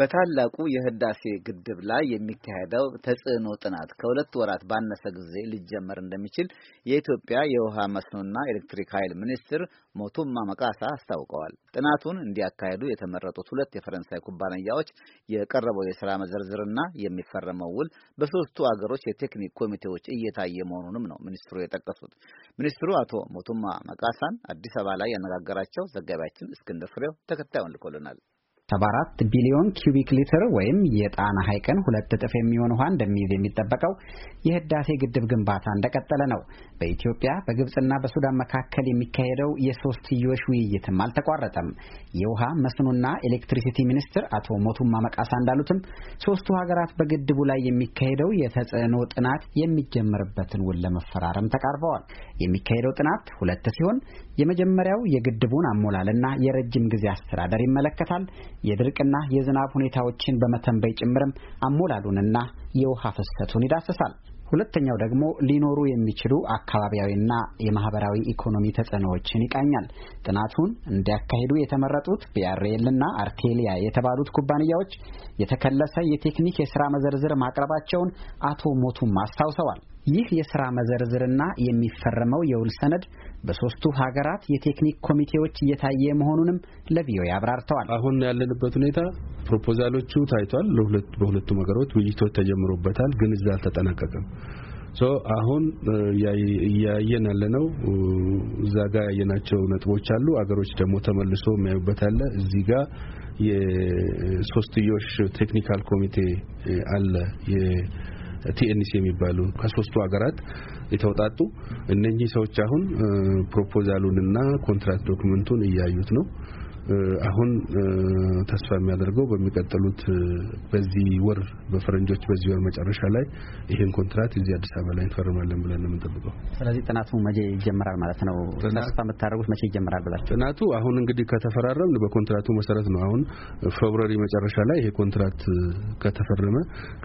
በታላቁ የህዳሴ ግድብ ላይ የሚካሄደው ተጽዕኖ ጥናት ከሁለት ወራት ባነሰ ጊዜ ሊጀመር እንደሚችል የኢትዮጵያ የውሃ መስኖና ኤሌክትሪክ ኃይል ሚኒስትር ሞቱማ መቃሳ አስታውቀዋል። ጥናቱን እንዲያካሄዱ የተመረጡት ሁለት የፈረንሳይ ኩባንያዎች የቀረበው የሥራ መዘርዝርና የሚፈረመው ውል በሦስቱ አገሮች የቴክኒክ ኮሚቴዎች እየታየ መሆኑንም ነው ሚኒስትሩ የጠቀሱት። ሚኒስትሩ አቶ ሞቱማ መቃሳን አዲስ አበባ ላይ ያነጋገራቸው ዘጋቢያችን እስክንድር ፍሬው ተከታዩን ልኮልናል። 74 ቢሊዮን ኪዩቢክ ሊትር ወይም የጣና ሐይቅን ሁለት እጥፍ የሚሆን ውሃ እንደሚይዝ የሚጠበቀው የህዳሴ ግድብ ግንባታ እንደቀጠለ ነው። በኢትዮጵያ በግብፅና በሱዳን መካከል የሚካሄደው የሶስትዮሽ ውይይትም አልተቋረጠም። የውሃ መስኖና ኤሌክትሪሲቲ ሚኒስትር አቶ ሞቱማ መቃሳ እንዳሉትም ሶስቱ ሀገራት በግድቡ ላይ የሚካሄደው የተጽዕኖ ጥናት የሚጀምርበትን ውል ለመፈራረም ተቃርበዋል። የሚካሄደው ጥናት ሁለት ሲሆን የመጀመሪያው የግድቡን አሞላልና የረጅም ጊዜ አስተዳደር ይመለከታል። የድርቅና የዝናብ ሁኔታዎችን በመተንበይ ጭምርም አሞላሉንና የውሃ ፍሰቱን ይዳስሳል። ሁለተኛው ደግሞ ሊኖሩ የሚችሉ አካባቢያዊና የማህበራዊ ኢኮኖሚ ተጽዕኖዎችን ይቃኛል። ጥናቱን እንዲያካሂዱ የተመረጡት ቢአርኤልና አርቴሊያ የተባሉት ኩባንያዎች የተከለሰ የቴክኒክ የስራ መዘርዝር ማቅረባቸውን አቶ ሞቱም አስታውሰዋል። ይህ የስራ መዘርዝርና የሚፈረመው የውል ሰነድ በሶስቱ ሀገራት የቴክኒክ ኮሚቴዎች እየታየ መሆኑንም ለቪኦኤ አብራርተዋል። አሁን ያለንበት ሁኔታ ፕሮፖዛሎቹ ታይቷል። በሁለቱም ሀገሮች ውይይቶች ተጀምረዋል። ተጨምሮበታል፣ ግን እዛ አልተጠናቀቀም። ሶ አሁን እያየን ነው። እዛ ጋር ያየናቸው ነጥቦች አሉ። አገሮች ደግሞ ተመልሶ የሚያዩበት አለ። እዚህ ጋር የሶስትዮሽ ቴክኒካል ኮሚቴ አለ ቲኤንሲ የሚባሉ ከሶስቱ ሀገራት የተውጣጡ እነኚህ ሰዎች አሁን ፕሮፖዛሉንና ኮንትራክት ዶክመንቱን እያዩት ነው። አሁን ተስፋ የሚያደርገው በሚቀጥሉት በዚህ ወር በፈረንጆች በዚህ ወር መጨረሻ ላይ ይህን ኮንትራት እዚህ አዲስ አበባ ላይ እንፈርማለን ብለን ነው የምንጠብቀው። ስለዚህ ጥናቱ መቼ ይጀምራል ማለት ነው? ተስፋ የምታደርጉት መቼ ይጀምራል ብላችሁ? ጥናቱ አሁን እንግዲህ ከተፈራረምን በኮንትራቱ መሰረት ነው። አሁን ፌብሩዋሪ መጨረሻ ላይ ይሄ ኮንትራት ከተፈረመ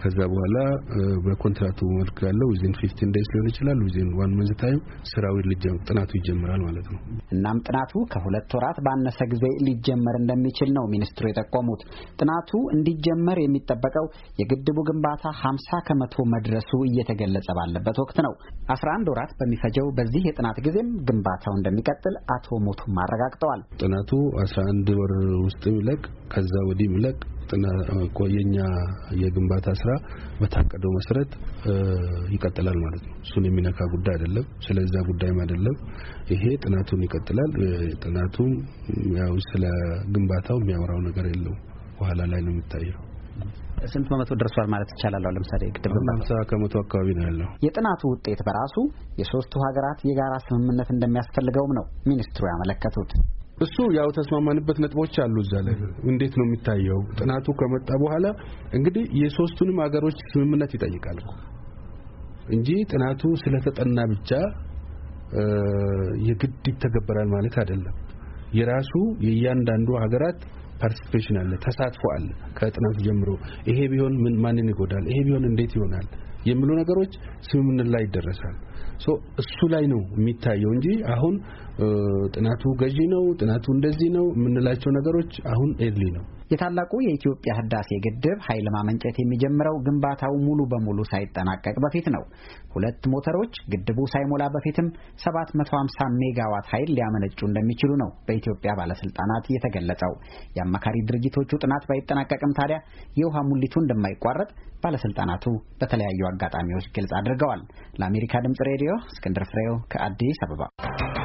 ከዛ በኋላ በኮንትራቱ መልክ ያለው ዊዚን ፊፍቲን ዴይስ ሊሆን ይችላል ዊዚን ዋን መንዝ ታይም ስራዊ ጥናቱ ይጀምራል ማለት ነው። እናም ጥናቱ ከሁለት ወራት ባነሰ ጊዜ ሊጀመር እንደሚችል ነው ሚኒስትሩ የጠቆሙት። ጥናቱ እንዲጀመር የሚጠበቀው የግድቡ ግንባታ 50 ከመቶ መድረሱ እየተገለጸ ባለበት ወቅት ነው። 11 ወራት በሚፈጀው በዚህ የጥናት ጊዜም ግንባታው እንደሚቀጥል አቶ ሞቱም አረጋግጠዋል። ጥናቱ 11 ወር ውስጥ ይለቅ ከዛ ወዲህ ይለቅ የጥነ የኛ የግንባታ ስራ በታቀደው መሰረት ይቀጥላል ማለት ነው። እሱን የሚነካ ጉዳይ አይደለም። ስለዛ ጉዳይም አይደለም። ይሄ ጥናቱን ይቀጥላል። ጥናቱም ያው ስለ ግንባታው የሚያወራው ነገር የለው በኋላ ላይ ነው የሚታየው። ስንት በመቶ ደርሷል ማለት ይቻላል? አሁን ለምሳሌ ግድብ ሃምሳ ከመቶ አካባቢ ነው ያለው። የጥናቱ ውጤት በራሱ የሶስቱ ሀገራት የጋራ ስምምነት እንደሚያስፈልገውም ነው ሚኒስትሩ ያመለከቱት። እሱ ያው ተስማማንበት ነጥቦች አሉ እዛ ላይ እንዴት ነው የሚታየው ጥናቱ ከመጣ በኋላ እንግዲህ የሶስቱንም ሀገሮች ስምምነት ይጠይቃል እንጂ ጥናቱ ስለተጠና ብቻ የግድ ይተገበራል ማለት አይደለም። የራሱ የእያንዳንዱ ሀገራት ፓርቲሲፔሽን አለ፣ ተሳትፎ አለ። ከጥናቱ ጀምሮ ይሄ ቢሆን ምን ማንን ይጎዳል፣ ይሄ ቢሆን እንዴት ይሆናል የሚሉ ነገሮች ስምምነት ላይ ይደረሳል። እሱ ላይ ነው የሚታየው እንጂ አሁን ጥናቱ ገዢ ነው፣ ጥናቱ እንደዚህ ነው የምንላቸው ነገሮች አሁን ኤርሊ ነው። የታላቁ የኢትዮጵያ ህዳሴ ግድብ ኃይል ማመንጨት የሚጀምረው ግንባታው ሙሉ በሙሉ ሳይጠናቀቅ በፊት ነው። ሁለት ሞተሮች ግድቡ ሳይሞላ በፊትም 750 ሜጋዋት ኃይል ሊያመነጩ እንደሚችሉ ነው በኢትዮጵያ ባለስልጣናት የተገለጸው። የአማካሪ ድርጅቶቹ ጥናት ባይጠናቀቅም ታዲያ የውሃ ሙሊቱ እንደማይቋረጥ ባለስልጣናቱ በተለያዩ አጋጣሚዎች ግልጽ አድርገዋል። ለአሜሪካ ድምጽ ሬዲዮ እስክንድር ፍሬው ከአዲስ አበባ